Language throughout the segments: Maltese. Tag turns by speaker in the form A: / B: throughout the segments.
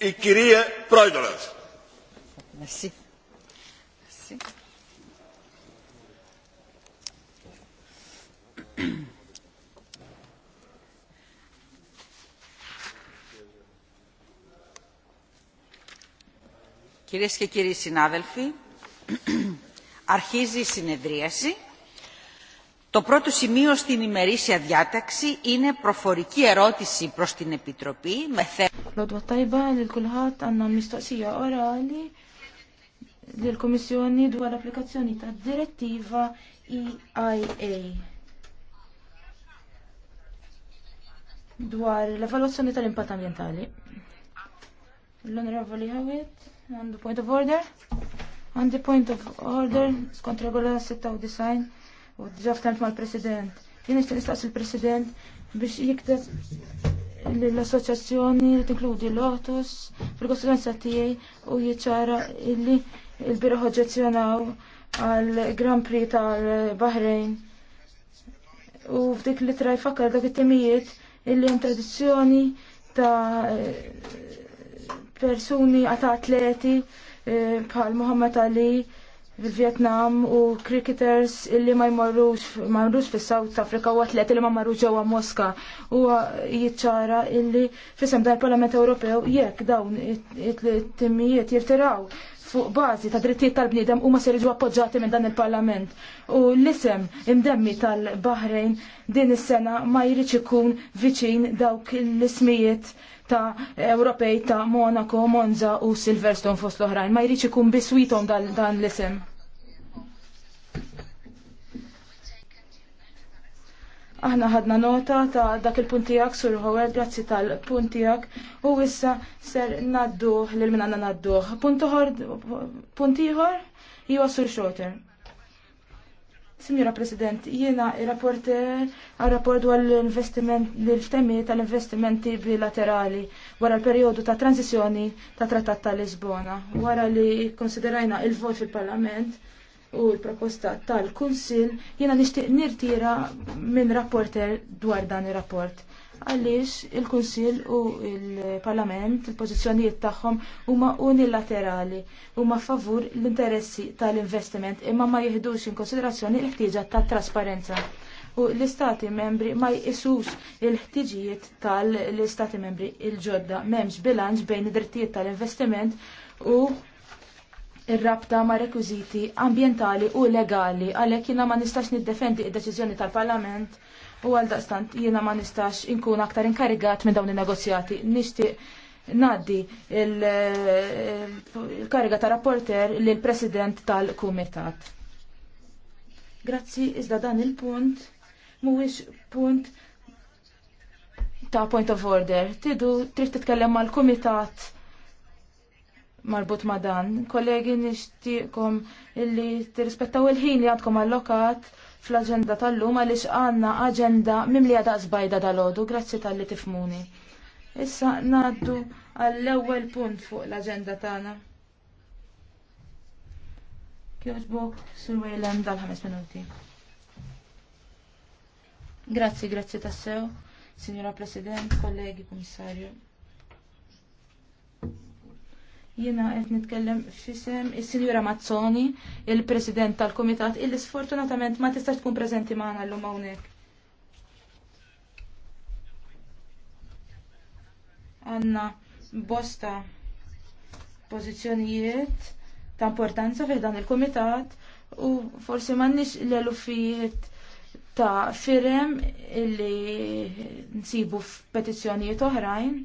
A: Il-kirija Projdolas. Merci. Merci.
B: Κυρίες και κύριοι συνάδελφοι, αρχίζει η συνεδρίαση. Το πρώτο σημείο στην ημερήσια διάταξη είναι προφορική ερώτηση προς την Επιτροπή με θέμα... Lodwa tajba li l-kulħadd għanna mistoqsija orali li l-Komissjoni dwar l-applikazzjoni ta' direttiva EIA. Dwar l-evaluazzjoni tal-impatt ambientali. L-Onorevoli Hawit, għandu point of order? Għandu point of order skont regola 96 u d ftemt mal-President. Jien nixtieq nistaqsi l-President biex jikteb l-assoċjazzjoni li tinkludi Lotus fil-kostituenza tiegħi u jiċċara illi l-biroħ oġġezzjonaw għal Grand Prix tal-Bahrejn. U f'dik li tra jfakkar dak it-timijiet illi hemm tradizzjoni ta' persuni għata atleti eh, bħal Muhammad Ali vietnam u cricketers illi ma jmorrux ma jmorrux fis south Africa u atleti li ma marrux ġewwa Moska u jiċċara illi fisem dal-Parlament Ewropew jekk dawn it-timijiet jirtiraw fuq bażi ta' drittijiet tal-bniedem huma se jiġu appoġġjati minn dan il-Parlament. U l-isem imdemmi tal bahrejn din is-sena ma jridx ikun viċin dawk l-ismijiet ta' Ewropej ta' Monaco, Monza u Silverstone fost l-oħrajn. Ma jridx ikun biswitom dan l-isem. Aħna ħadna nota ta' dak il-puntijak sur Howard, grazzi tal-puntijak, u issa ser nadduħ lil minn għanna nadduħ. Puntiħor, jiwa sur Shorter. Signora President, jiena il-rapporter għal-rapport dwar investiment l temi tal-investimenti bilaterali wara l-periodu ta' tranzizjoni ta' Trattat ta' Lisbona, wara li konsiderajna il-vot fil-Parlament u l-proposta tal-Kunsil jiena nixtieq nirtira minn rapporter dwar dan ir-rapport. Għaliex il-Kunsil u l parlament il-pożizzjonijiet tagħhom huma unilaterali huma favur l-interessi tal-investiment imma ma jihdux in konsiderazzjoni l-ħtieġa tat-trasparenza u l-istati membri ma jqisux il-ħtiġijiet tal-istati membri il-ġodda m'hemmx bilanċ bejn id-drittijiet tal-investiment u ir-rabta ma' rekwiżiti ambjentali u legali għalhekk jiena ma nistax niddefendi id-deċiżjoni tal-Parlament u għal daqstant jiena ma nistax inkun aktar inkarigat minn dawn in-negozjati. Nixtieq ngħaddi il-kariga ta' rapporter lil president tal-Kumitat. Grazzi, iżda dan il-punt mhuwiex punt ta' point of order. Tidu trid titkellem mal-Kumitat marbut ma' dan. Kollegi nixtieqkom illi tirrispettaw il-ħin li għandkom allokat fl-agenda tal-lum għaliex għandna aġenda mimli għadha zbajda dal-għodu, grazzi tal-li tifmuni. Issa ngħaddu għall-ewwel punt fuq l-aġenda tagħna. Kjoġbok sur Wejlem dal-ħames minuti. Grazzi, grazzi tassew, Signora President, kollegi, Komissarju. Jiena qed nitkellem fissem is-Sinjura Mazzoni, il-President tal-Kumitat, illi sfortunatament ma tistax tkun preżenti l llum hawnhekk. Għanna bosta pożizzjonijiet ta' importanza fih dan il-Kumitat u forsi m'għandniex l-eluffijiet ta' firem illi nsibu f'petizzjonijiet oħrajn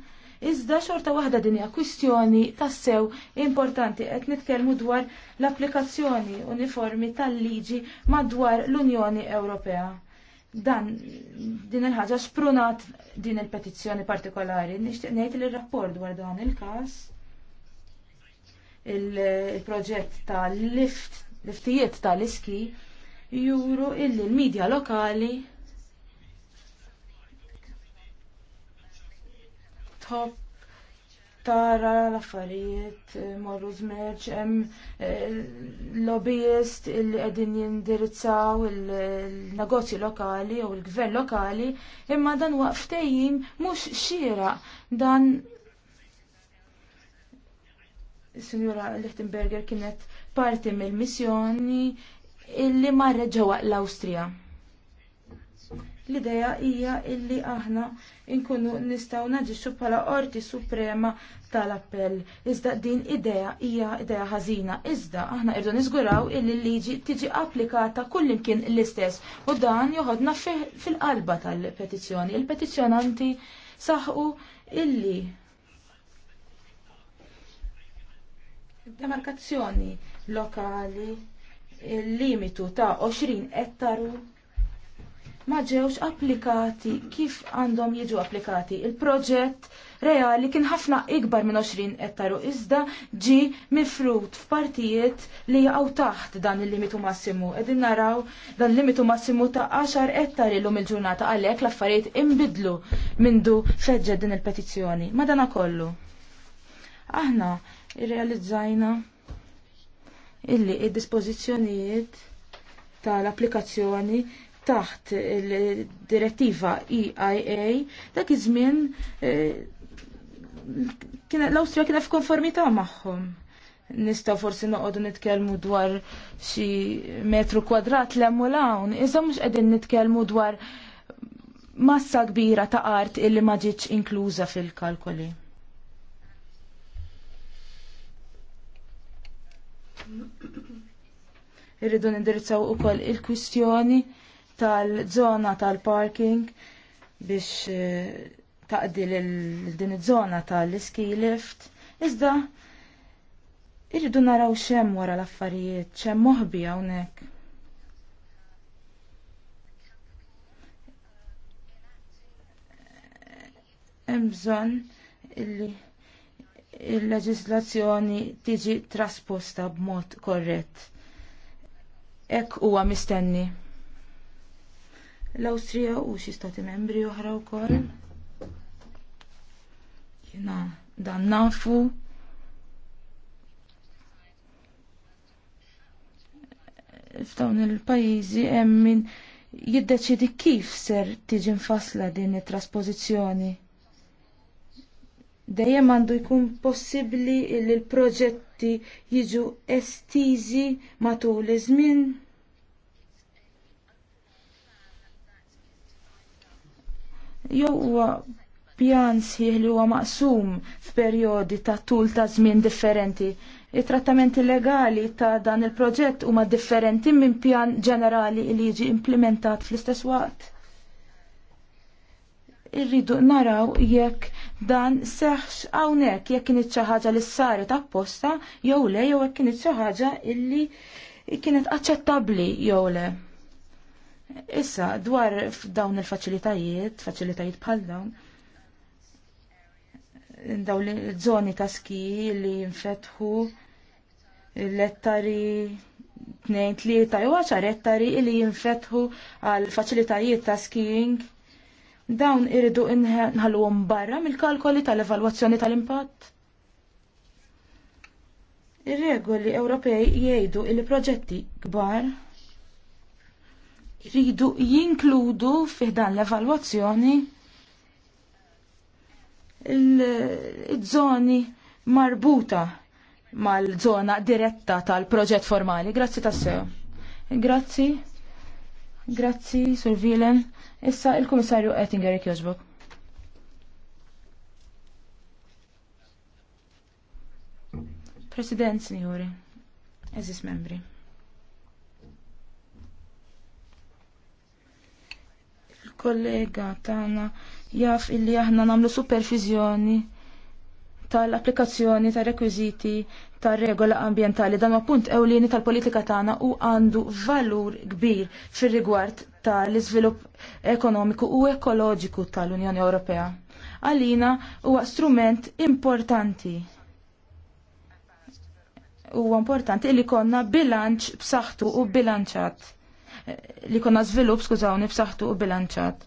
B: Iżda xorta waħda din hija kwistjoni tassew importanti qed nitkellmu dwar l-applikazzjoni uniformi tal-liġi madwar l-Unjoni Ewropea dan din il-ħaġa sprunat din il-petizzjoni partikolari. Nixtieq ngħid li rapport dwar dan il-każ il-proġett tal lift, liftijiet tal-iski juru illi l-medja lokali tħob tara l-affarijiet eh, morru żmerġ hemm eh, lobbyist il qegħdin jindirizzaw il-negozji lokali u l-gvern lokali imma dan waqftejjim mhux xieraq dan Sinjura Lichtenberger kienet parti mill-missjoni illi marret ġewwa l-Awstrija. L-idea hija illi aħna nkunu nistgħu naġixxu bħala qorti suprema tal-appell. Iżda din idea hija idea ħażina. Iżda aħna irdu niżguraw illi l-liġi tiġi applikata kullimkien l-istess u dan joħodna fil-qalba tal-petizzjoni. Il-petizzjonanti saħu illi demarkazzjoni lokali il-limitu ta' 20 ettaru ma ġewx applikati kif għandhom jiġu applikati. Il-proġett reali kien ħafna ikbar minn 20 ettaru iżda ġi mifrut f'partijiet li jaqgħu taħt dan il-limitu massimu. Qegħdin naraw dan il-limitu massimu ta' 10 ettar illum il-ġurnata għalhekk l-affarijiet imbidlu mindu feġġed din il-petizzjoni. Madana kollu. Aħna irrealizzajna illi id-dispożizzjonijiet tal-applikazzjoni taħt il-direttiva EIA dak iż-żmien eh, l-Awstrija kienet f'konformità magħhom. Nistgħu forsi noqogħdu nitkellmu dwar xi metru kwadrat l hawn, iżda mhux qegħdin nitkellmu dwar massa kbira ta' art illi ma ġietx inkluża fil-kalkoli. Irridu nindirizzaw ukoll il-kwistjoni tal-żona tal-parking biex eh, taqdi l-din iż-żona tal-ski lift. Iżda irridu naraw xem wara l-affarijiet, xem moħbi hawnhekk. Hemm bżonn illi il-leġislazzjoni tiġi trasposta b'mod korrett. Ek huwa mistenni l-Awstrija u xi stati membri oħra wkoll. Jiena dan nafu. F'dawn il-pajjiżi hemm min jiddeċidi kif ser tiġi nfassla din it-trasposizzjoni. Dejjem għandu jkun possibbli li l-proġetti jiġu estiżi matul iż-żmien jew huwa pjan sħiħ li huwa maqsum f'perjodi ta' tul ta' żmien differenti. it trattamenti legali ta' dan il-proġett huma differenti minn pjan ġenerali li jiġi implementat fl-istess waqt. Irridu naraw jekk dan seħx hawnhekk jekk kien xi ħaġa li saret apposta jew le jew jekk kien xi ħaġa illi kienet aċċettabbli jew le. Issa, dwar dawn il-faċilitajiet, faċilitajiet bħal dawn, dawn l-żoni ta' ski li jinfetħu l-ettari 2-3 jew 10 ettari li jinfetħu għal faċilitajiet ta' skiing. Dawn irridu nħalluhom barra mill-kalkoli tal-evalwazzjoni tal-impatt. Ir-regoli Ewropej jgħidu li proġetti kbar jridu jinkludu fih dan l-evalwazzjoni l żoni marbuta mal-żona diretta tal-proġett formali. Grazzi tassew. Grazzi. Grazzi, Sur Vilen. Issa il-Komissarju Ettinger Kjosbok. President, signori, eżis membri. kollega tagħna jaf illi aħna nagħmlu supervizjoni tal-applikazzjoni ta' rekwiżiti ta' regola ambientali dan punt ewlieni tal-politika tagħna u għandu valur kbir fir-rigward tal-iżvilupp ekonomiku u ekoloġiku tal-Unjoni Ewropea. Għalina huwa strument importanti huwa importanti li konna bilanċ b'saħħtu u bilanċat li konna żvilupp skużaw nifsaħtu u bilanċat.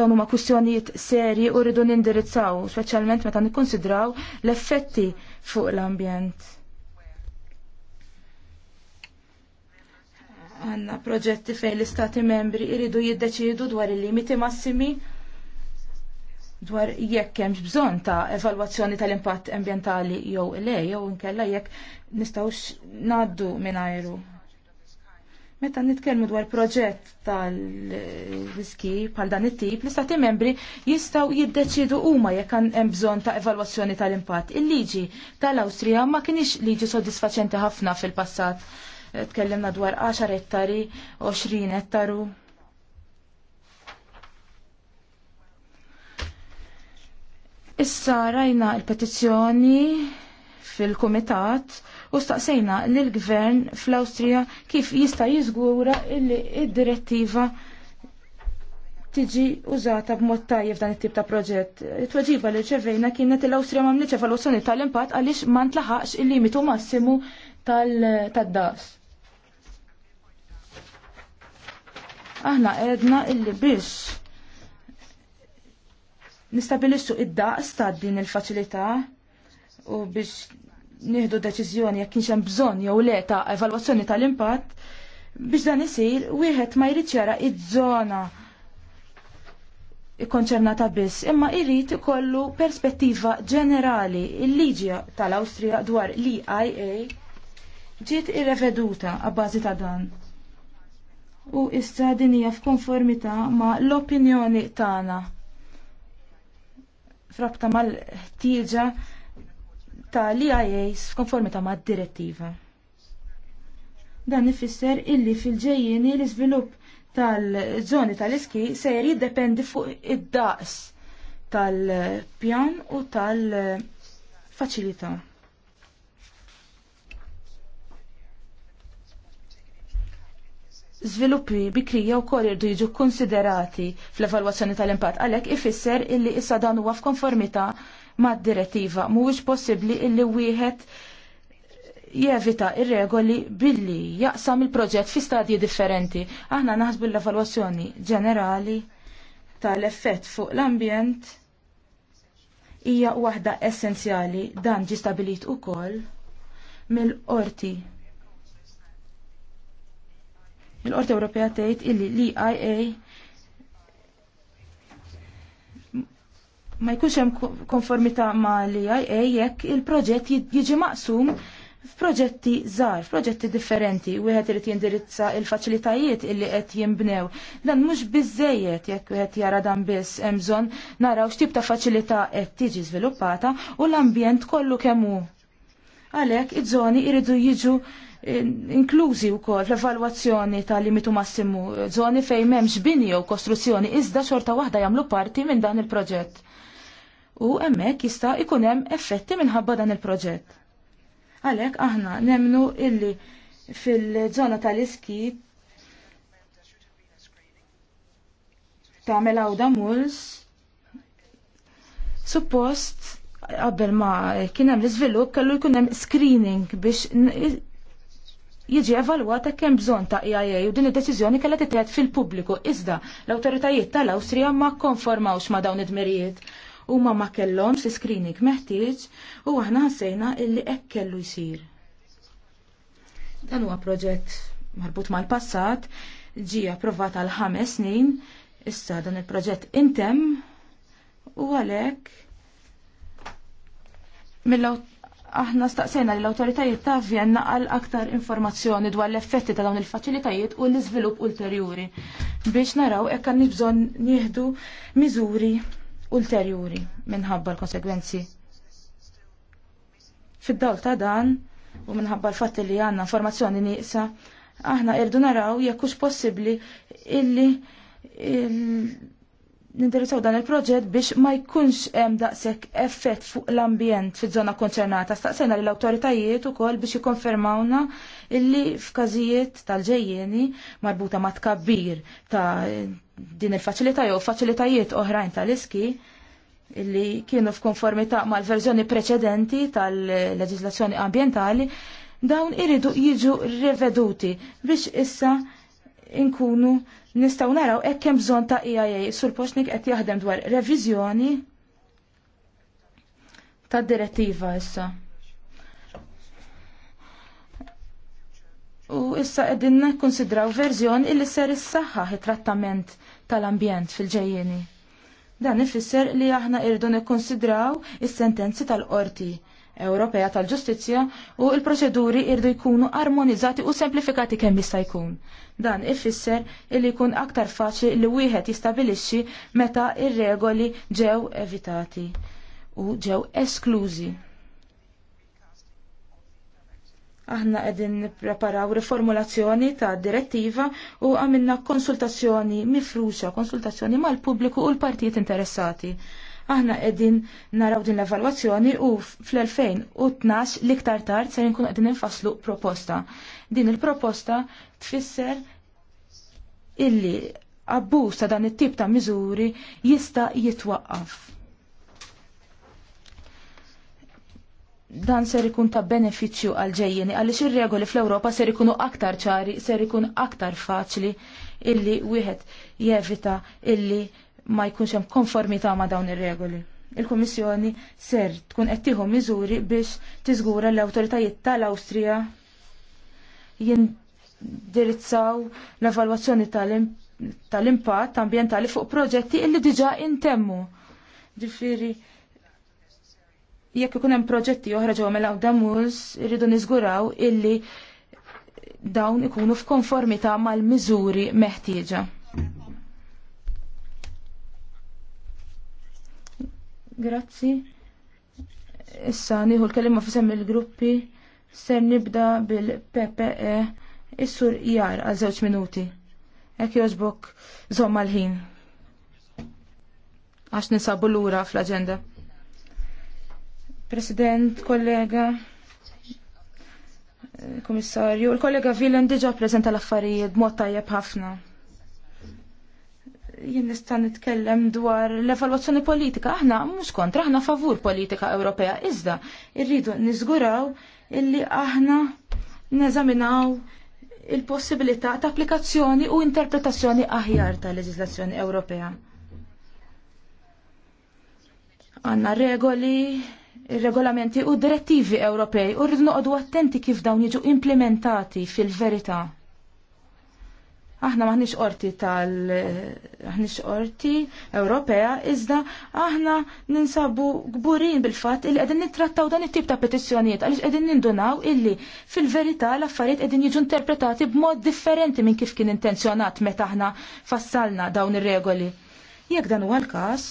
B: Dawn huma kwistjonijiet serji u rridu nindirizzaw, speċjalment meta nikkonsidraw l-effetti fuq l-ambjent. Għanna proġetti fejn l-istati membri iridu jiddeċidu dwar il-limiti massimi dwar jekk hemmx bżonn ta' evalwazzjoni tal-impatt ambjentali jew le, jew inkella jekk nistgħux ngħaddu mingħajru Meta nitkellmu dwar proġett tal-riski bħal dan it-tip, l-istati membri jistgħu jiddeċidu huma jekk hemm bżonn ta' evalwazzjoni tal-impatt. Il-liġi tal-Awstrija ma kienx liġi sodisfaċenti ħafna fil-passat. Eh, tkellimna dwar 10 ettari, 20 ettaru. Issa rajna l-petizzjoni fil-kumitat u staqsejna lill-gvern fl-Awstrija kif jista' jiżgura illi id-direttiva tiġi użata b'mod tajjeb dan it-tip ta' proġett. It-tweġiba li l-ċevejna kienet l-Awstrija ma mniċ evalwazzjoni tal-impatt għaliex ma ntlaħaqx il-limitu massimu tad-daqs. Aħna edna illi biex nistabilissu id-daqs ta' din il-faċilità u biex nieħdu deċiżjoni jekk kienx hemm bżonn jew le ta' evalwazzjoni tal-impatt biex dan isir wieħed ma jrid jara iż-żona ikkonċernata biss, imma jrid ikollu perspettiva ġenerali. Il-liġi tal-Awstrija dwar l-EIA ġiet irreveduta għabbażi ta' dan. U issa din hija f'konformità ma' l-opinjoni tagħna. Frabta mal-ħtieġa tal-IAAs f'konformità mad-direttiva. Dan ifisser illi fil ġejjeni l-iżvilupp tal-żoni tal-iski sejri jiddependi fuq id-daqs tal-pjan u tal-faċilità. Żviluppi bikrija wkoll irdu jiġu konsiderati fl-evalwazzjoni tal-impatt għalhekk ifisser illi issa dan huwa f'konformità mad-direttiva. Mhuwiex possibbli illi wieħed jevita ir-regoli billi jaqsam il-proġett fi stadji differenti. Aħna naħsbu l-evalwazzjoni ġenerali tal-effett fuq l-ambjent hija waħda essenzjali dan ġi stabilit ukoll mill-qorti. Il-Qorti Ewropea tgħid illi l-EIA ma jkunx hemm konformità ma' l-IA jekk il-proġett jiġi maqsum f'proġetti żgħar, f'proġetti differenti, wieħed irid jindirizza il-faċilitajiet illi qed jinbnew. Dan mhux biżejjed jekk wieħed jara dan biss hemm bżonn naraw x'tip ta' faċilità qed tiġi żviluppata u l-ambjent kollu kemm hu. Għalhekk iż-żoni jridu jiġu eh, inklużi u kol fl-evaluazzjoni ta' limitu massimu, zoni fej memx bini u kostruzzjoni, iżda xorta wahda jamlu parti minn dan il-proġett u hemmhekk jista' ikun hemm effetti minħabba dan il-proġett. Għalhekk aħna nemnu illi fil-żona tal-iski tagħmel Melawda muls suppost qabel ma kien hemm l-iżvilupp kellu jkun hemm screening biex jiġi evalwata kemm bżonn ta' e IIA u din id-deċiżjoni kellha titgħid fil-pubbliku iżda l-awtoritajiet tal-Awstrija ma konformawx ma' dawn id-dmirijiet huma ma si screening meħtieġ u aħna ħassejna illi hekk kellu jsir. Dan huwa proġett marbut mal-passat ġi approvat għal ħames snin, issa dan il-proġett intemm u għalhekk mill aħna staqsejna l awtoritajiet ta' Vienna għal aktar informazzjoni dwar l-effetti ta' dawn il-faċilitajiet u l-iżvilupp ulterjuri biex naraw hekk għandni bżonn nieħdu miżuri ulterjuri minħabba l-konsekwenzi. Fid-dawl ta' dan, u minħabba l-fatt li għanna informazzjoni nieqsa, aħna irdu naraw jekkux possibli illi nindirizzaw dan il-proġett biex ma jkunx hemm daqshekk effett fuq l-ambjent fiż-żona konċernata. Staqsejna lill awtoritajiet ukoll biex jikkonfermawna illi f'każijiet tal-ġejjeni marbuta ma' tkabbir ta' din il-faċilità jew faċilitajiet oħrajn tal-iski illi kienu f'konformità mal-verżjoni preċedenti tal leġiżlazzjoni ambjentali dawn iridu jiġu riveduti biex issa inkunu nistgħu naraw hekk hemm bżonn ta' EIA sur poxnik qed jaħdem dwar reviżjoni tad direttiva issa. U issa qegħdin nikkonsidraw verżjoni illi ser issaħħaħ it-trattament tal-ambjent fil-ġejjeni. Dan ifisser li aħna irdu nikkonsidraw is-sentenzi tal-qorti Ewropea tal-Ġustizzja u l-proċeduri irdu jkunu armonizzati u semplifikati kemm jista' jkun. Dan ifisser illi jkun aktar faċli li wieħed jistabilixxi meta ir-regoli ġew evitati u ġew esklużi. Aħna qegħdin nippreparaw riformulazzjoni ta' direttiva u għamilna konsultazzjoni mifruxa, konsultazzjoni mal-pubbliku u l-partijiet interessati Aħna qegħdin naraw din l-evalwazzjoni u fl-2012 l-iktar tard ser nkun qegħdin infasslu proposta. Din il-proposta tfisser illi abbuż ta' dan it-tip ta' miżuri jista' jitwaqqaf. dan ser ikun ta' beneficju għal ġejjeni għaliex ir-regoli fl-Ewropa ser ikunu aktar ċari, ser ikun aktar faċli illi wieħed jevita illi ma jkunx hemm konformità ma' dawn ir-regoli. Il-Kummissjoni ser tkun qed tieħu miżuri biex tiżgura l-awtoritajiet tal-Awstrija jindirizzaw l-evalwazzjoni tal-impatt ambjentali fuq proġetti illi diġà intemmu. Ġifieri jekk ikun hemm proġetti oħra ġewwa mill mela damuż irridu niżguraw illi dawn ikunu f'konformità mal-miżuri meħtieġa. Grazzi. Issa nieħu l-kelima f'isem il-gruppi ser nibda bil-PPE is-sur jar għal żewġ minuti. Hekk jogħġbok żomm l-ħin. Għax nisabu lura fl-aġenda. President, kollega, eh, komissarju, l kollega Villan diġa prezenta l-affarijiet b'mod tajjeb ħafna jien nista' nitkellem dwar l-evalwazzjoni politika. Aħna mhux kontra, aħna favur politika Ewropea. Iżda irridu niżguraw illi aħna neżaminaw il-possibilità ta' applikazzjoni u interpretazzjoni aħjar ta' leġislazzjoni Ewropea. Għanna regoli, regolamenti u direttivi Ewropej u rridu noqogħdu attenti kif dawn jiġu implementati fil-verità. Aħna maħniex qorti tal maħniex qorti Ewropea iżda aħna ninsabu gburin bil-fatt illi qegħdin nittrattaw dan it-tip ta' petizzjonijiet għaliex qegħdin nindunaw illi fil-verità l-affarijiet qegħdin jiġu interpretati b'mod differenti minn kif kien intenzjonat meta aħna fassalna dawn ir-regoli. Jekk dan huwa l-każ,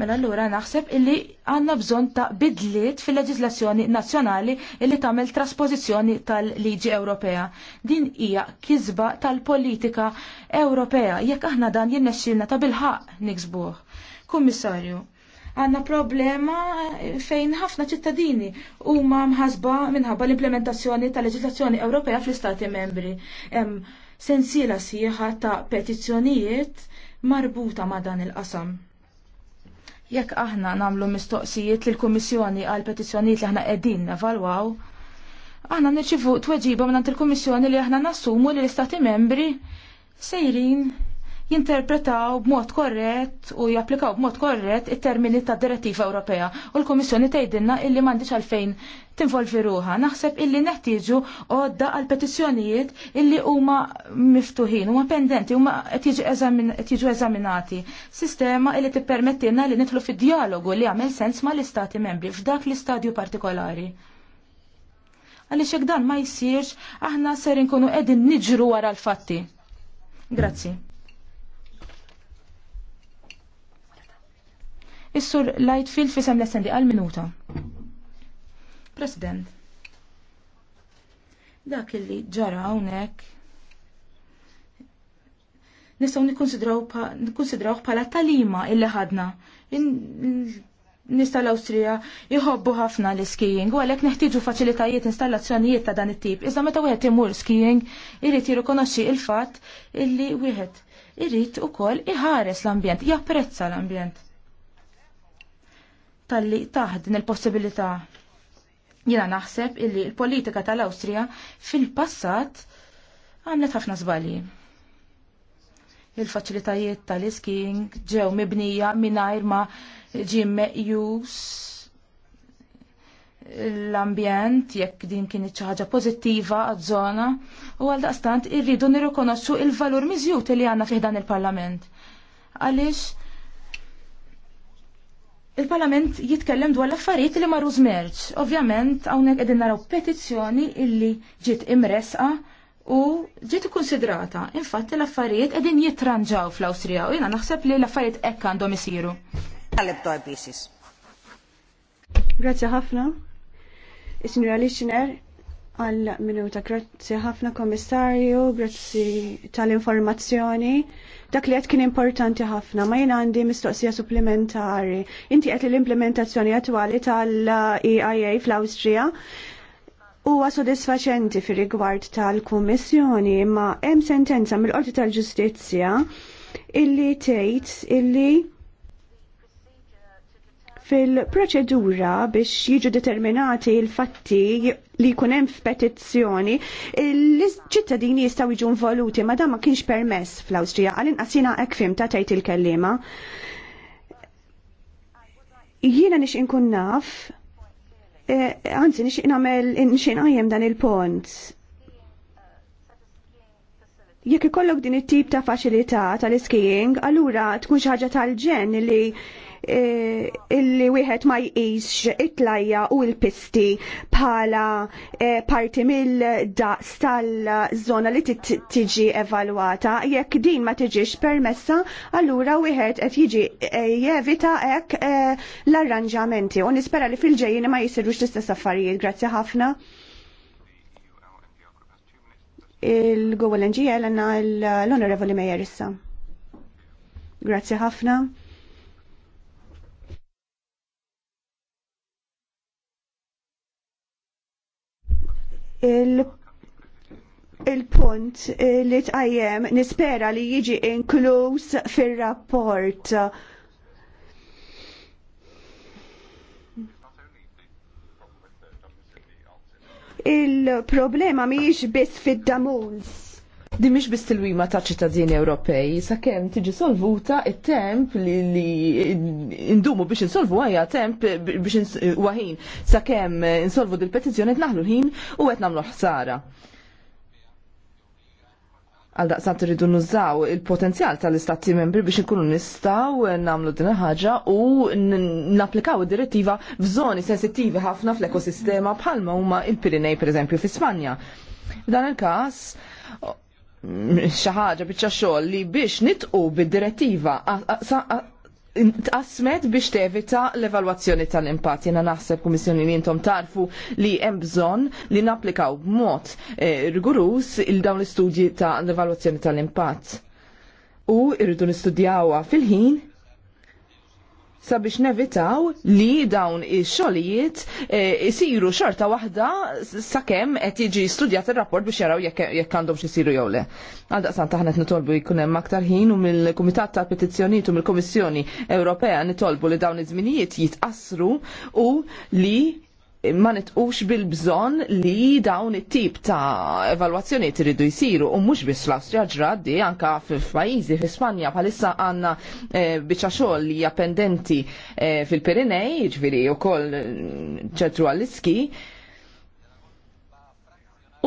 B: Mela allura naħseb illi għandna bżonn ta' bidliet fil leġislazzjoni nazzjonali illi tagħmel traspożizzjoni tal-liġi Ewropea. Din hija kisba tal-politika Ewropea jekk aħna dan jinnexxilna ta' bilħaq niksbuh. Kummissarju, għanna problema fejn ħafna ċittadini huma mħasba minħabba l-implementazzjoni tal leġislazzjoni Ewropea fl-Istati membri. Hemm sensiela sieħa ta' petizzjonijiet marbuta ma' dan il-qasam. Jekk aħna namlu mistoqsijiet lil kummissjoni għal petizzjonijiet li aħna qegħdin nevalwaw, aħna nirċivu tweġiba minn il-Kummissjoni li aħna nassumu li l-Istati membri sejrin jinterpretaw b'mod korrett u japplikaw b'mod korrett it-termini ta' direttiva Ewropea. U l-Komissjoni tgħidilna illi m'għandix għalfejn tinvolvi ruha. Naħseb illi neħtieġu għodda għal petizzjonijiet illi huma miftuħin, huma pendenti, huma qed jiġu eżaminati. Sistema illi tippermettilna li nidħlu fid-dialogu li għamel sens mal-istati membri f'dak l-istadju partikolari għaliex dan ma jsirx aħna ser inkunu qegħdin niġru wara l-fatti. Grazzi. Is-sur Lightfield fisem lessen di għal-minuta. President, dak illi ġara hawnhekk nistgħu nikkonsidrawh bħala talima illi ħadna. Nista l-Awstrija jħobbu ħafna l-skiing u għalhekk neħtieġu faċilitajiet installazzjonijiet ta' dan it-tip. Iżda meta wieħed imur skiing irrid jirrikonoxxi il-fatt illi wieħed irrid ukoll iħares l-ambjent, japprezza l-ambjent tal-li taħdin il-possibilità. Jina naħseb illi l-politika tal-Awstrija fil-passat għamlet ħafna żbalji. Il-faċilitajiet tal-isking ġew mibnija mingħajr ma ġimme jus l-ambjent jekk din kien xi ħaġa pożittiva għaż-żona u għal daqstant irridu nirrikonoxxu il-valur miżjut li għandna fih dan il-Parlament. Għalix, il-Parlament jitkellem dwar l-affarijiet li marru żmerġ. Ovvjament hawnhekk qegħdin naraw petizzjoni illi ġiet imresqa u ġiet ikkunsidrata. Infatti l-affarijiet qegħdin jitranġaw fl-Awstrija u jiena naħseb li l-affarijiet hekk għandhom isiru. Għalibtu episis.
A: Grazzi ħafna. Is-Sinjura e Lixner, għal minuta. Grazzi ħafna komissarju, grazzi tal-informazzjoni. Dak li għed kien importanti ħafna, ma jina għandi mistoqsija supplementari. Inti għed l-implementazzjoni attwali tal-EIA fl-Austria huwa sodisfaċenti fir rigward tal-Kummissjoni ma hemm sentenza mill-Qorti tal-Ġustizzja illi tgħid illi Fil-proċedura biex jiġu determinati l-fatti li kunem f'petizzjoni, l-ċittadini jistaw jiġu involuti, ma da ma kienx permess fl-Awstrija, għalin qasina ekfim ta' tajt il-kellima. Jiena nix inkun naf, għanzi eh, nix namel nix inqajem dan il-pont. Jekk ikollok din it-tip ta' faċilità tal-iskijing, allura tkun xi ħaġa tal-ġen li E, illi wieħed ma jqisx it-tlajja u l-pisti bħala e, parti mill-daqs tal-żona li tiġi evalwata. Jekk din ma tiġix permessa, allura wieħed qed jiġi e, jevita hekk l-arranġamenti u nispera li fil-ġejjin ma jsirux l-istess affarijiet. Grazzi ħafna il-Gowal NGL għanna l-Honorable Mayor issa. Grazie ħafna. il-punt li tqajjem nispera li jiġi inkluż fir-rapport. Il-problema mhijiex biss fid-damuls
C: Di mhix biss tilwima ta' ċittadini Ewropej, sakemm tiġi solvuta it-temp li, li indumu biex insolvu għajja temp biex waħin sakemm insolvu dil-petizzjoni qed naħlu l-ħin u qed nagħmlu ħsara. Għal daqsant irridu nużaw il-potenzjal tal-istati membri biex ikunu nistaw namlu din ħaġa u napplikaw id-direttiva f'żoni sensittivi ħafna fl-ekosistema bħalma huma il-Pirinej pereżempju fi Spanja. F'dan il-każ xaħġa bieċa xogħol li biex nitqu bid-direttiva tqasmet biex tevita l-evalwazzjoni tal-impatt. Jena naħseb kummissjoni li intom tarfu li hemm bżonn li napplikaw b'mod eh, rigurus il dawn l-istudji ta' l-evalwazzjoni tal-impatt. U irridu nistudjawha fil-ħin sabiex nevitaw li dawn ix-xogħlijiet eh, isiru xorta waħda sakemm qed jiġi studjat ir-rapport biex jaraw jekk għandhom xi jsiru jew le. Għal taħna qed nitolbu jkun hemm aktar ħin u mill-Kumitat tal Petizzjonijiet u mill-Kummissjoni Ewropea nitolbu li dawn iż-żminijiet jitqassru u li ma nitqux bil-bżon li dawn it-tip ta' evalwazzjoni tridu jisiru u mhux biss l-Awstrija ġraddi anka f'pajjiżi f'Ispanja bħalissa għandna eh, biċċa xogħol li hija pendenti eh, fil-Pirinej, jiġifieri wkoll ċentru għall-iski.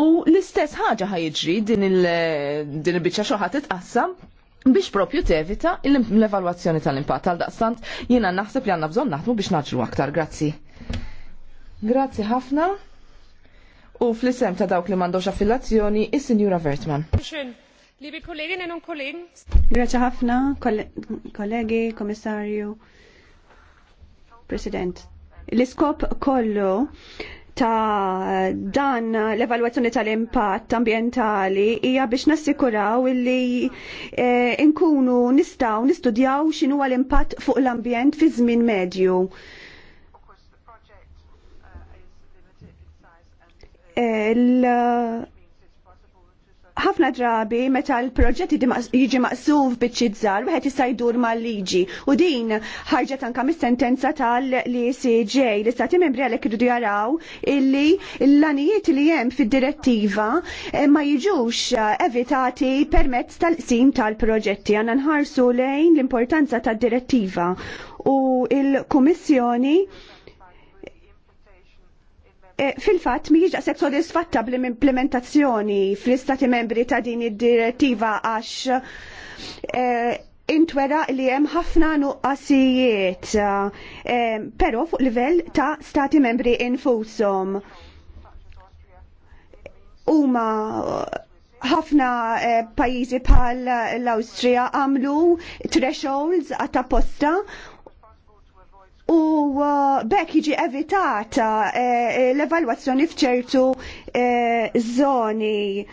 C: U l-istess ħaġa ħajġri din il-biċċa xogħol ħadd titqassam biex propju tevita l-evalwazzjoni tal-impatt tal-daqstant jiena naħseb li għandna bżonn naħdmu biex naġru aktar. Grazzi. Grazzi ħafna. U fl-isem ta' dawk li mandox affilazzjoni, is-Sinjura Vertman.
B: Libi kollegi nenun kollegi.
C: Grazie ħafna, kollegi, komissarju,
A: president. L-iskop kollu ta' dan l-evalwazzjoni tal-impatt ambientali hija biex nassikuraw illi eh, nkunu nistaw nistudjaw x'inhuwa l-impatt fuq l-ambjent fi żmien medju ħafna drabi meta l-proġett jiġi maqsuf biċċi żgħar wieħed jista' jdur mal-liġi u din ħarġet anke mis-sentenza tal-ECJ li stati membri għalhekk irridu jaraw illi l-lanijiet li hemm fid-direttiva eh, ma jiġux eh, evitati permezz tal-qsim tal-proġetti għandna nħarsu lejn l-importanza tad-direttiva u l-Kummissjoni E, fil-fat miġ daqseg sodisfatta bl-implementazzjoni fl-istati membri ta' din id-direttiva għax e, intwera li hemm ħafna nuqqasijiet, e, però fuq livell ta' stati membri infushom. Huma ħafna pajjiżi bħal l-Awstrija għamlu thresholds għata posta u uh, bekk jiġi evitata eh, eh, l-evalwazzjoni fċertu eh, zoni.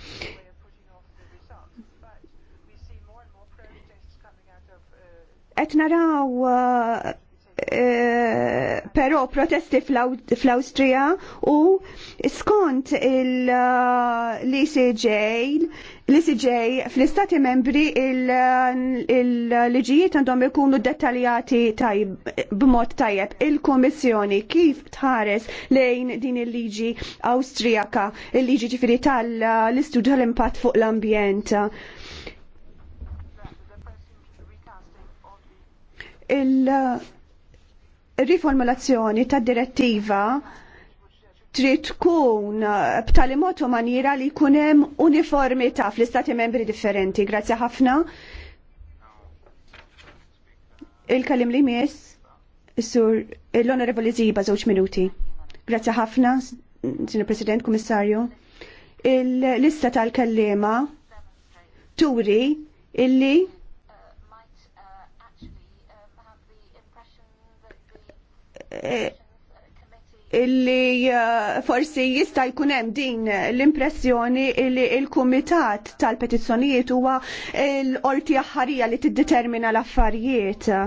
A: Et naraw uh, Eh, però protesti fl austria u skont eh, l-ECJ l-ECJ fl-istati membri il-liġijiet għandhom ikunu dettaljati b'mod tajjeb. Il-Komissjoni kif tħares lejn din il-liġi Awstrijaka, il-liġi ġifiri tal-istudju tal-impatt fuq l-ambjent. il- riformulazzjoni ta' direttiva trid tkun eh, b'tali mod u maniera li jkun hemm uniformità fl-istati membri differenti. Grazzi ħafna. Il-kalim li mis, sur l-Onorevoli Ziba, żewġ minuti. Grazzi ħafna, Signor President, Kummissarju. Il-lista tal-kallima turi illi Eh, illi eh, forsi jista' jkun hemm din l-impressjoni li l-kumitat tal-petizzjonijiet huwa l-qorti aħħarija li tiddetermina l-affarijiet. Eh,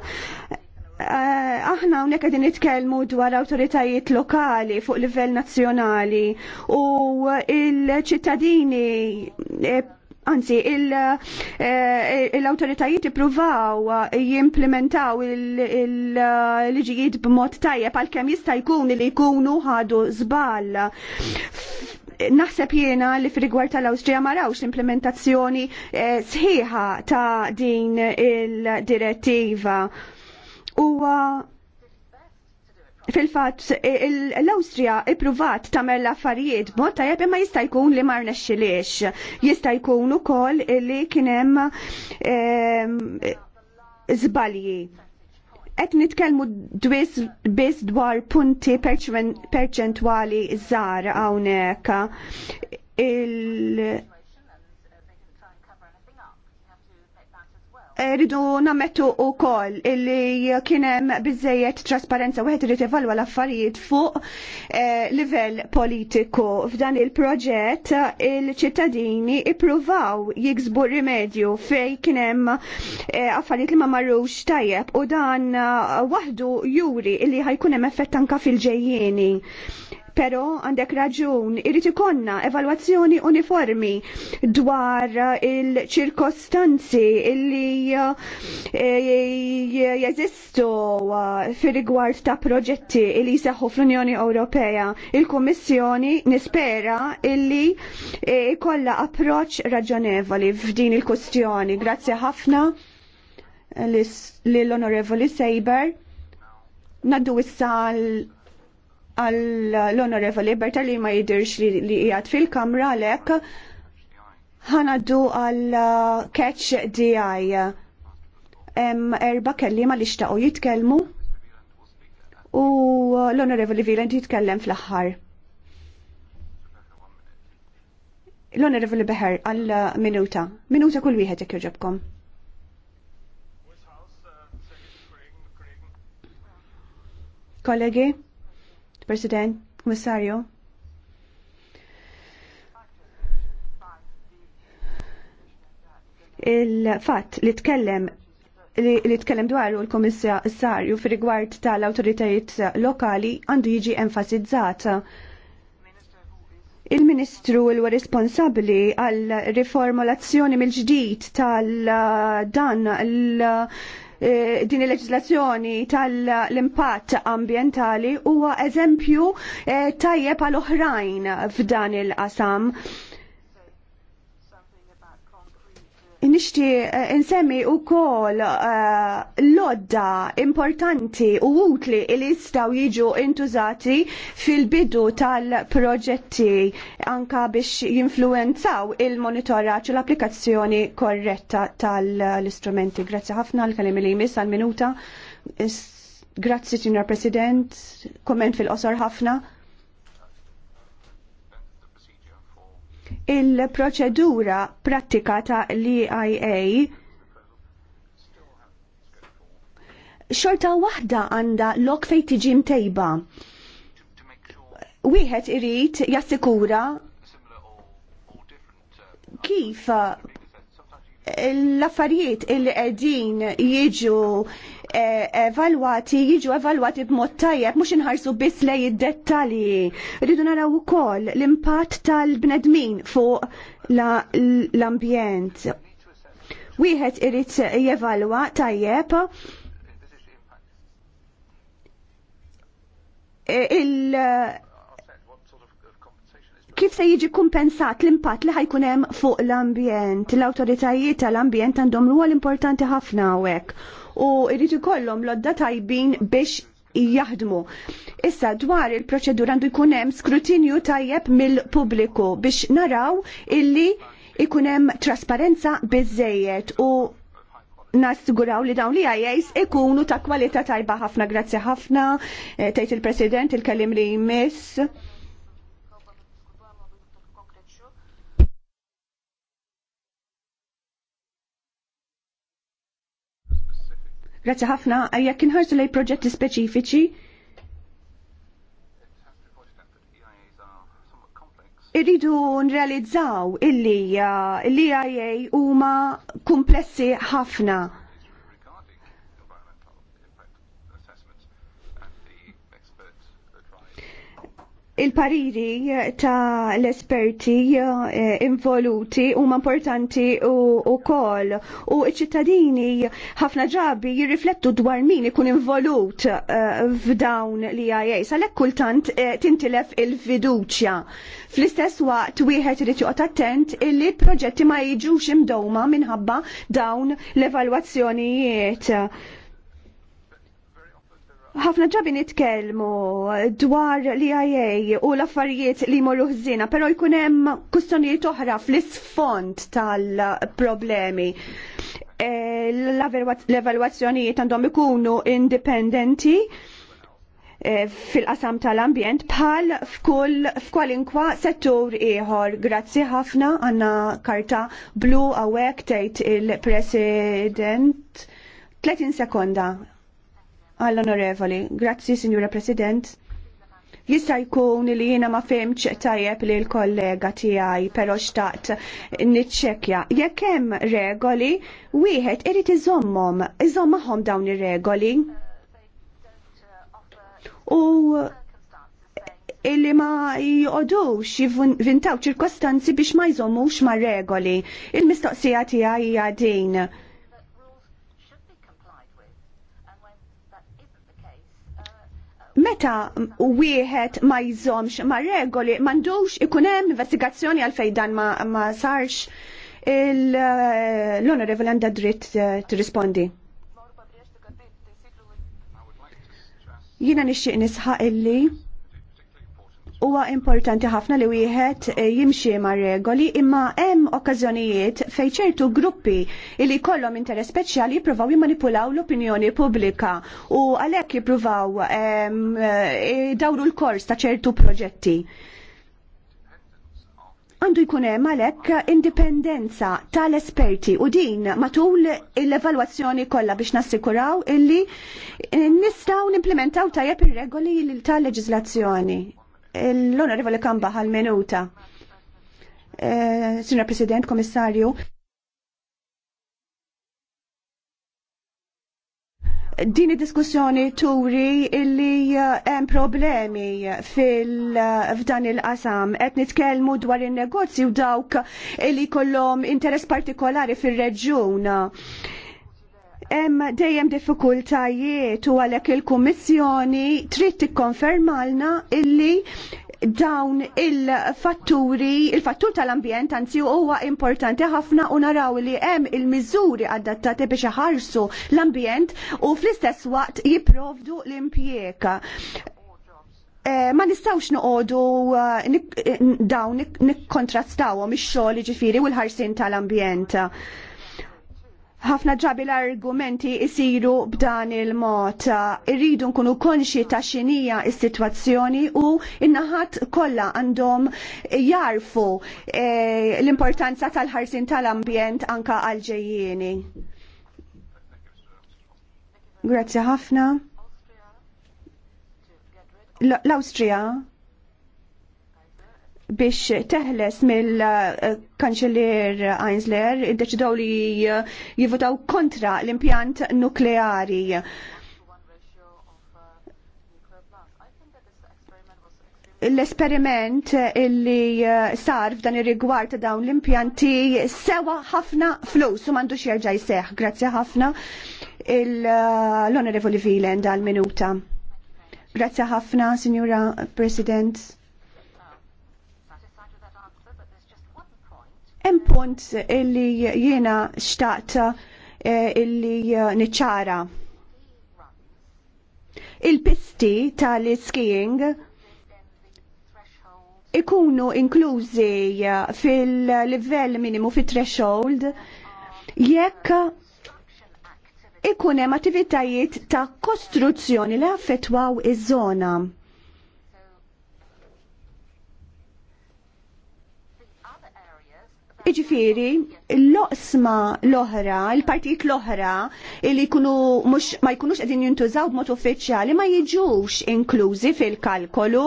A: aħna hawnhekk qegħdin nitkellmu dwar awtoritajiet lokali fuq livell nazzjonali u l-ċittadini anzi eh, l-autoritajiet ippruvaw jimplementaw il-liġijiet eh, b'mod tajjeb għalkemm jista' jkun li jkunu ħadu żball naħseb jiena li f'rigward tal-Awstrija ma rawx l-implementazzjoni eh, sħiħa ta' din il-direttiva. Uwa fil-fatt e, l-Awstrija ippruvat tagħmel l-affarijiet b'mod tajjeb imma jista' jkun li ma rnexxilix. Jista' jkun ukoll li kien hemm żbalji. Qed nitkellmu dwis biss dwar punti perċentwali żgħar hawnhekk il- Eh, rridu nammettu u kol illi kienem bizzejiet trasparenza wieħed irid evalwa l-affarijiet fuq eh, livell politiku. F'dan il-proġett il-ċittadini ippruvaw jiksbu rimedju fej kienem eh, affarijiet li ma marrux tajjeb u dan waħdu juri illi ħajkun hemm effett anka fil-ġejjieni. Pero għandek raġun, irrit ikonna evalwazzjoni uniformi dwar il-ċirkostanzi illi eh, jeżistu eh, fir-rigward ta' proġetti illi jseħħu fl-Unjoni Ewropea. Il-Kummissjoni nispera illi eh, kollha approċċ raġonevoli f'din il-kustjoni. Grazzi ħafna lill-Onorevoli Sejber. Naddu issa għall-Onorevoli Berta li ma jidirx li jgħat fil-kamra lek ħanaddu għal catch DI. Em, erba kellima li xtaqo jitkelmu u l-Onorevoli Vilent jitkellem fl-axħar. L-Onorevoli Beher għal minuta. Minuta kull wieħed jekk joġobkom. Kollegi? President, Commissario. Il-fatt li tkellem li tkellem dwar l-Komissarju fi rigward tal-autoritajiet lokali għandu jiġi enfasizzat. Il-Ministru l responsabbli responsabli għal riformulazzjoni mill-ġdid tal-dan l Eh, din il-leġislazzjoni tal-impatt ambientali huwa eżempju eh, tajjeb għal oħrajn f'dan il-qasam. Nishti eh, insemmi u kol eh, lodda importanti u utli li jistgħu jiġu intużati fil-bidu tal-proġetti anka biex jinfluenzaw il-monitoraċ u l-applikazzjoni korretta tal-istrumenti. Grazzi ħafna l-kalim li jmiss għal-minuta. Grazzi, Signor President, komment fil-qosor ħafna. il-proċedura pratika ta' l-EIA xorta waħda għanda lok fej tiġi mtejba. Wieħed irid jassikura kif l-affarijiet il-qegħdin jiġu E, evalwati, jiġu evalwati b'mod tajjeb, mhux inħarsu biss lej id dettali Rridu naraw ukoll l-impatt tal-bnedmin fuq l-ambjent. Wieħed irid jevalwa tajjeb il kif se jiġi kompensat l-impatt li ħajkun hemm fuq l-ambjent. L-awtoritajiet tal-ambjent għandhom rwol importanti ħafna hawnhekk u jrid ikollhom lodda tajbin biex jaħdmu. Issa dwar il-proċedura għandu jkun hemm skrutinju tajjeb mill-pubbliku biex naraw illi ikun hemm trasparenza biżejjed u nassiguraw li dawn li għajajs ikunu ta' kwalità tajba ħafna, grazzi ħafna, eh, tgħid il-President, il kalim li jmiss. Grazzi ħafna, jekk inħarsu lej proġetti speċifiċi. Irridu nrealizzaw illi uh, l u huma komplessi ħafna il-pariri ta' l-esperti eh, involuti huma importanti u kol u ċittadini ħafna ġabi jirriflettu dwar min ikun involut eh, f'dawn li għajaj. Salek kultant eh, tintilef il-fiduċja. Fl-istess waqt wieħed irid joqgħod attent illi proġetti ma jiġux imdowma minħabba dawn l-evalwazzjonijiet ħafna ġabi nitkellmu dwar l-IA u l-affarijiet li morru ħżina, pero jkun hemm kustonijiet oħra fl-isfond tal-problemi. E, l-evalwazzjonijiet għandhom ikunu indipendenti e, fil-qasam tal-ambjent bħal f'kull f'kwalinkwa settur ieħor. Grazzi ħafna għanna karta blu għawek tgħid il-President. 30 sekonda għall-onorevoli. Grazzi, Signora President. Jista' jkun li jiena ma fehmx tajjeb li l-kollega tiegħi però xtaqt niċċekkja. Jekk hemm regoli, wieħed irid iżommhom, iżomm magħhom dawn ir-regoli. U illi ma jqodux jivvintaw ċirkostanzi biex ma jżommux ma' regoli. Il-mistoqsija tiegħi hija din Meta wieħed ma jżomx ma regoli m'għandux ikun hemm investigazzjoni għal fejdan ma, ma sarx l eh, onorevole għandha dritt eh, tirrispondi. Jiena nixtieq nisħaq illi huwa importanti ħafna li wieħed eh, jimxie ma' regoli imma hemm okkażjonijiet fejn ċertu gruppi li jkollhom interess speċjali jippruvaw jimmanipulaw l-opinjoni pubblika u għalhekk jippruvaw ehm, eh, dawru l-kors ta' ċertu proġetti. Għandu jkun hemm għalhekk indipendenza tal-esperti u din matul l-evalwazzjoni kollha biex nassikuraw illi eh, nistgħu nimplementaw tajjeb ir-regoli tal-leġiżlazzjoni l li Kamba għal-minuta. Eh, Signor President, Komissarju, din id-diskussjoni turi illi eh, hemm problemi fil-fdan eh, il-qasam. Qed nitkellmu dwar in negozju dawk illi kollom interess partikolari fir-reġjun hemm dejjem diffikultajiet u għalhekk il-Kummissjoni trid tikkonfermalna illi dawn il-fatturi, il-fattur tal-ambjent anzi huwa importanti ħafna u naraw li hemm il-miżuri adattati biex iħarsu l-ambjent u fl-istess waqt jipprovdu l-impjeka. Eh, ma nistawx noqogħdu eh, eh, dawn nikkontrastawhom ix-xogħol ġifieri u l-ħarsin tal-ambjent ħafna ġabi l-argumenti jisiru b'dan il-mod. Irridu nkunu konxi ta' xinija is-sitwazzjoni u n naħat kollha għandhom jarfu e, l-importanza tal-ħarsin tal-ambjent anka għal-ġejjieni. Grazie ħafna. L-Awstrija biex teħles mill-kanċellier Einsler iddeċidaw li jivutaw kontra l-impjant nukleari. l-esperiment illi eh, sar f'dan ir-rigward ta' dawn l-impjanti sewa ħafna flus u m'għandux jerġa' jseħħ. Grazzi ħafna eh, l-Onorevoli Vilen dal minuta Grazzi ħafna, Signora President. Hemm punt illi jiena xtaqt eh, illi eh, niċċara. Il-pisti tal-skiing ikunu inklużi eh, fil-livell minimu fit-threshold jekk ikun hemm attivitajiet ta' kostruzzjoni li affettwaw iż-żona. Iġifiri, l-oqsma l-oħra, l-partijiet l-oħra, li kunu mux, ma jkunux għedin jintużaw b'mod uffiċjali ma jiġux inklużi fil-kalkolu,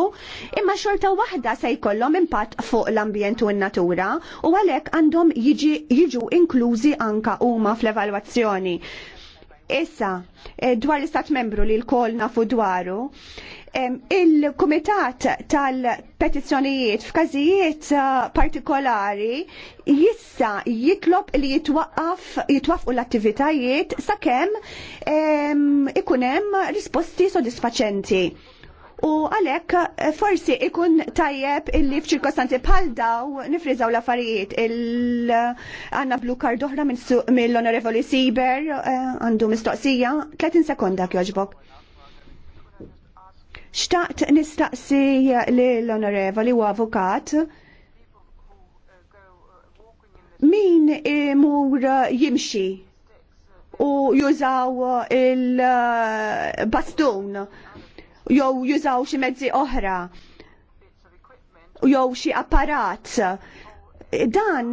A: imma xorta waħda se jkollhom impatt fuq l-ambjent u n-natura, u għalhekk għandhom jiġu inklużi anka huma fl-evalwazzjoni. Issa, eh, dwar l-istat membru li l-kol nafu dwaru, il-Kumitat tal-Petizzjonijiet f'każijiet eh, partikolari jissa jitlob li jitwaqqaf jitwaffqu l-attivitajiet sakemm ikun hemm risposti sodisfaċenti. U għalek, eh, forsi ikun tajjeb illi f'ċirkostanzi bħal daw nifrizaw l-affarijiet il-għanna blu kard mill-Onorevoli Siber eh, għandu mistoqsija 30 sekonda kjoġbok. Xtaqt nistaqsi l-onorevoli u avukat min imur jimxi u jużaw il-bastun jew jużaw xi mezzi oħra jew xi apparat. Dan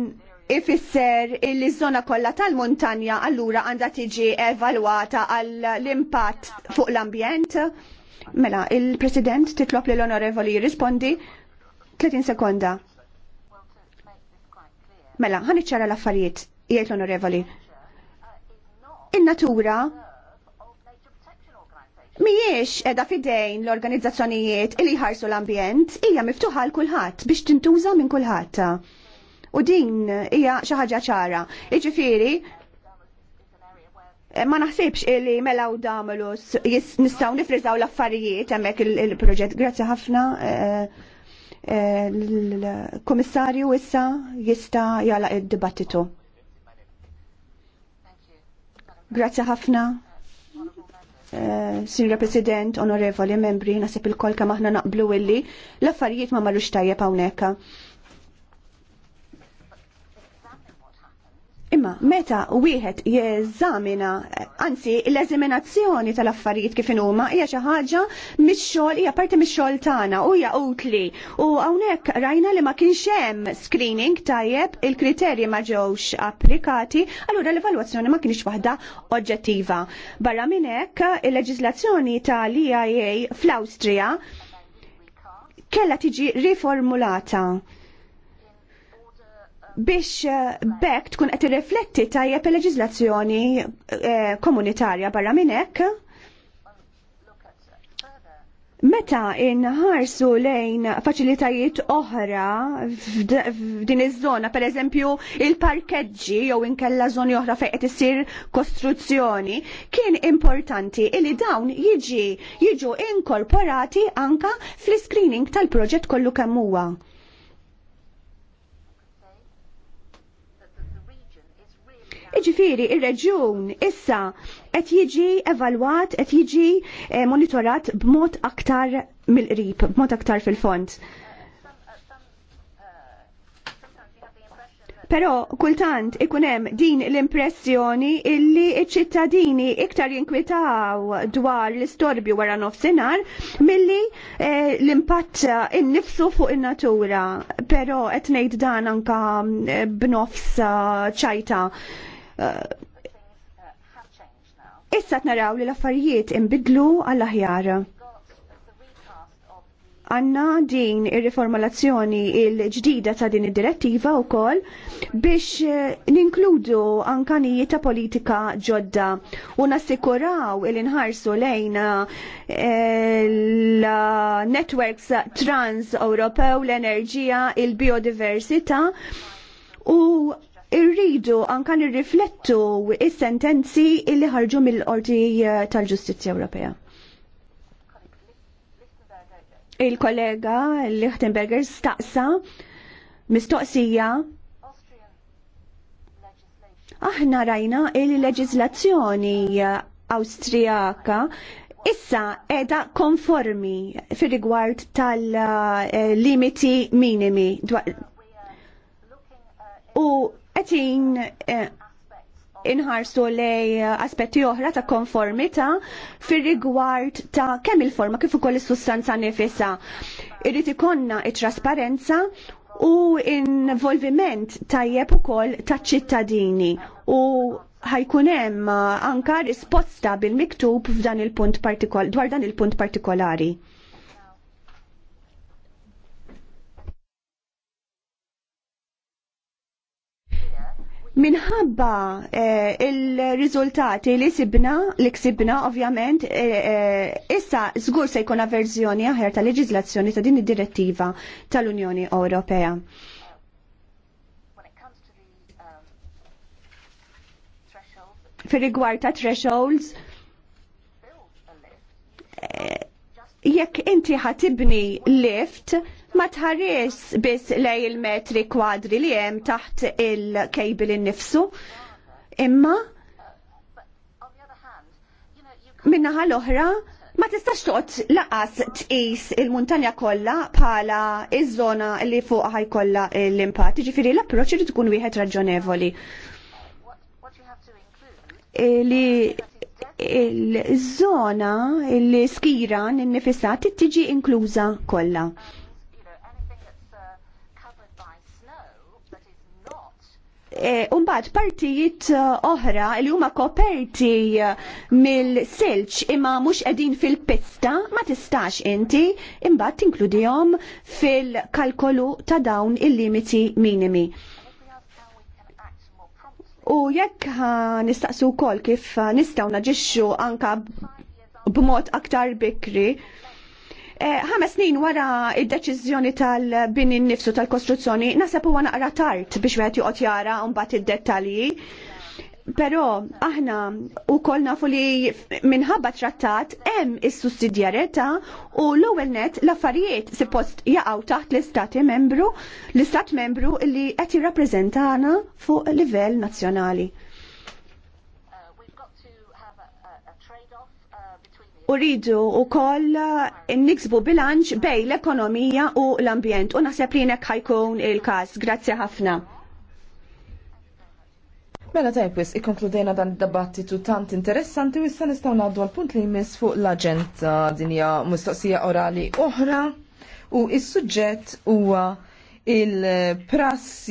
A: ifisser il żona kollha tal-muntanja allura għandha tiġi evalwata għall impatt fuq l-ambjent. Mela, il-President titlob li l-onorevoli jirrispondi 30 sekonda. Mela, ħan ċara l-affarijiet, jgħid l-onorevoli. In-natura Miex edha fidejn l-organizzazzjonijiet li jħarsu l-ambjent hija miftuħa l kulħadd biex tintuża minn kulħadd. U din hija xi ħaġa ċara. Jiġifieri, Eh, ma naħsibx li mela u damlu nistaw nifrizaw l-affarijiet hemmhekk il-proġett. Grazie ħafna eh, eh, l-komissarju issa jista jala id-dibattitu. Grazie ħafna. Signora President, onorevoli membri, nasib il kolka maħna aħna naqblu illi l-affarijiet ma marrux tajjeb hawnhekk Imma meta wieħed jeżamina, anzi l-eżaminazzjoni tal-affarijiet kif huma hija xi ħaġa mix-xogħol hija parti mix-xogħol tagħna u hija utli. U hawnhekk rajna li ma kienx hemm screening tajjeb, il-kriterji ma ġewx applikati, allura l-evalwazzjoni ma kienx waħda oġġettiva. Barra minn hekk il-leġiżlazzjoni tal-IIA fl-Awstrija kella tiġi riformulata biex eh, bekk tkun qed irrifletti tajjeb il-leġiżlazzjoni eh, komunitarja barra minn hekk. Meta inħarsu lejn faċilitajiet oħra f'din iż-żona, per eżempju il-parkeġġi jew inkella żoni oħra fejn qed isir kostruzzjoni, kien importanti li dawn jiġi jiġu inkorporati anka fl-screening tal-proġett kollu kemm huwa. Iġifiri, il-reġjun issa qed jiġi evalwat, qed jiġi eh, monitorat b'mod aktar mill-qrib, b'mod aktar fil-fond. Pero kultant ikun hemm din l-impressjoni illi iċ-ċittadini iktar jinkwitaw dwar l-istorbju wara nofsinhar milli eh, l-impatt innifsu fuq in-natura. Però qed ngħid dan anka eh, b'nofs ċajta. Uh, Uh, issa naraw li l-affarijiet imbidlu għall-aħjar għanna din ir-riformulazzjoni il-ġdida ta' din id-direttiva u kol biex uh, ninkludu ankanijiet ta' politika ġodda u nassikuraw il-inħarsu lejn uh, l-networks trans-Ewropew, l-enerġija, il-biodiversita u irridu anka nirriflettu is-sentenzi illi ħarġu mill-Qorti eh, tal-Ġustizzja Ewropea il-kollega Lichtenberger staqsa mistoqsija aħna rajna il-leġizlazzjoni eh, Awstrijaka issa edha konformi fir rigward tal-limiti eh, minimi u Qegħdin eh, inħarsu lej eh, aspetti oħra ta' konformita fir rigward ta' kemm il-forma kif ukoll is-sustanza nifisa. Irrid ikonna it-trasparenza u involviment tajjeb ukoll taċ ċittadini u ħajkun hemm eh, anka risposta bil-miktub f'dan il-punt dwar dan il-punt partikolari. Minħabba eh, il-riżultati li sibna, li ksibna ovvjament, eh, eh issa żgur se jkun verżjoni aħjar ta' leġizlazzjoni ta' din id-direttiva tal-Unjoni Ewropea. Fir rigward ta' thresholds, eh, jekk inti ħatibni lift ma tħares biss lej il-metri kwadri li hemm taħt il-kejbil innifsu. Imma minnaħa l-oħra Ma tistax toqgħod laqas tqis il-muntanja kollha bħala iż-żona li fuq ħajkollha l-impatt. Jiġifieri l-approċċ irid tkun wieħed raġonevoli. Eh, li il-żona il-skira n-nifissa tiġi inkluża kollha. E, Umbad partijiet uh, oħra li huma koperti uh, mill-silġ imma mhux qegħdin fil-pista ma tistax inti imbagħad tinkludihom fil-kalkolu ta' dawn il-limiti minimi. U jekk nistaqsu wkoll kif nistgħu naġixxu anka b'mod aktar bikri, eh, ħames snin wara id-deċiżjoni tal-bini nnifsu tal-kostruzzjoni nasab huwa naqra tard biex wieħed joqgħod jara mbagħad id-dettalji. Pero aħna u koll nafu li minħabba trattat hemm is-sussidjarjetà u l-ewwel net l-affarijiet post jaqgħu taħt l-istati membru, l-istat membru li qed jirrappreżentana fuq livell nazzjonali. U rridu u koll niksbu bilanċ bej l-ekonomija u l-ambjent u naħseb li ħajkun il-każ. Grazzi ħafna.
C: Mela tajbwis, ikkonkludejna dan id-dibattitu tant interessanti u nistgħu ngħaddu għal punt li jmiss fuq l-aġenda dinja mistoqsija orali oħra u s-suġġett huwa il-prassi